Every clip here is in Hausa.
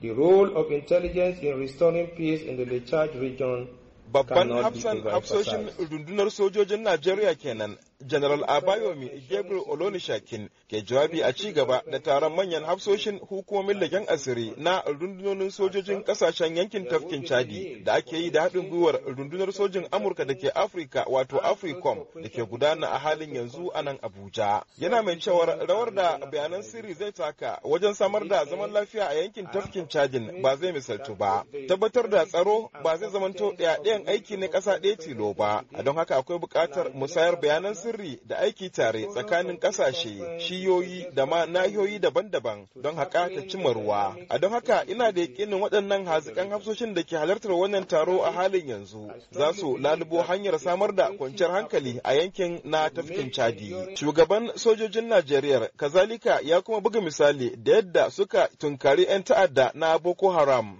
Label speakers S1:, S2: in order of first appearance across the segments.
S1: The role of intelligence in restoring peace in the Lechard region Babban hafsan hafsoshin rundunar sojojin Najeriya kenan General Abayomi Gabriel Olonishakin ke jawabi a ci gaba da taron manyan hafsoshin hukumomin lagen asiri na rundunonin sojojin kasashen yankin tafkin Chadi da ake yi da haɗin gwiwar rundunar sojin Amurka da ke Afirka wato Africom da ke gudana a halin yanzu a nan Abuja. Yana mai cewar rawar da bayanan sirri zai taka wajen samar da zaman lafiya a yankin tafkin Chadin ba zai misaltu ba. Tabbatar da tsaro ba zai zamanto ɗaya ɗayan aiki ne ƙasa ɗaya tilo ba. Don haka akwai buƙatar musayar bayanan sirri sirri da aiki tare tsakanin ƙasashe, shiyoyi da ma nahiyoyi daban-daban don haƙa ta cimma ruwa. A don haka ina da yakinin waɗannan hazikan hafsoshin da ke halartar wannan taro a halin yanzu za su lalubo hanyar samar da kwanciyar hankali a yankin na tafkin Chadi. Shugaban sojojin Najeriya kazalika ya kuma buga misali da yadda suka tunkari 'yan ta'adda na Boko Haram.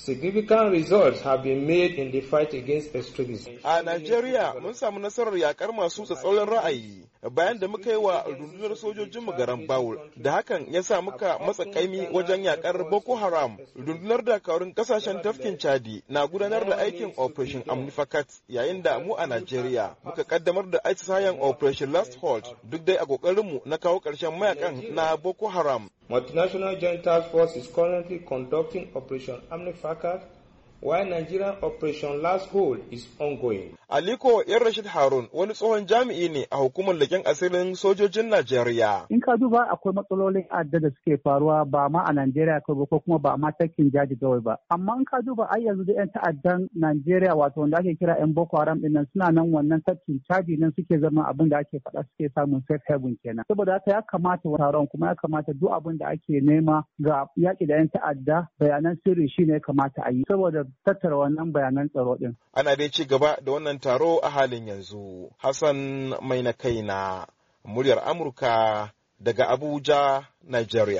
S1: Significant results have been made in the fight against extremism. A nigeria mun samu nasarar yakar masu tsatsauran ra'ayi bayan da muka yi wa rundunar sojojin mu garan Bawul da hakan ya sa muka matsa kaimi wajen yakar Boko Haram. Rundunar dakarun kasashen tafkin Chadi na gudanar da aikin Operation amnifakat yayin da mu a nigeria muka kaddamar da atisayen Operation Last Hold duk dai a mu na kawo ƙarshen mayakan na Boko Haram. Multinational Joint Task Force is currently conducting Operation Amnifacat while Nigerian Operation Last Hold is ongoing. Aliko ‘yan Rashid Harun wani tsohon jami'i ne a hukumar leƙen asirin sojojin Najeriya.
S2: In ka duba akwai matsalolin adda da suke faruwa ba ma a Najeriya kawai ko kuma ba ma takin jaji kawai ba. Amma in ka duba ai yanzu da ‘yan ta'addan Najeriya wato wanda ake kira ‘yan Boko Haram ɗin suna nan wannan takin caji nan suke zama abin da ake faɗa suke samun safe haven kenan. Saboda haka ya kamata taron kuma ya kamata duk abin da ake nema ga yaƙi da ‘yan ta'adda bayanan sirri shi ya kamata a yi. Saboda tattara wannan bayanan tsaro din. Ana
S1: dai ci gaba da wannan taro a halin yanzu. Hassan mai na kai na muryar Amurka daga Abuja, Nigeria.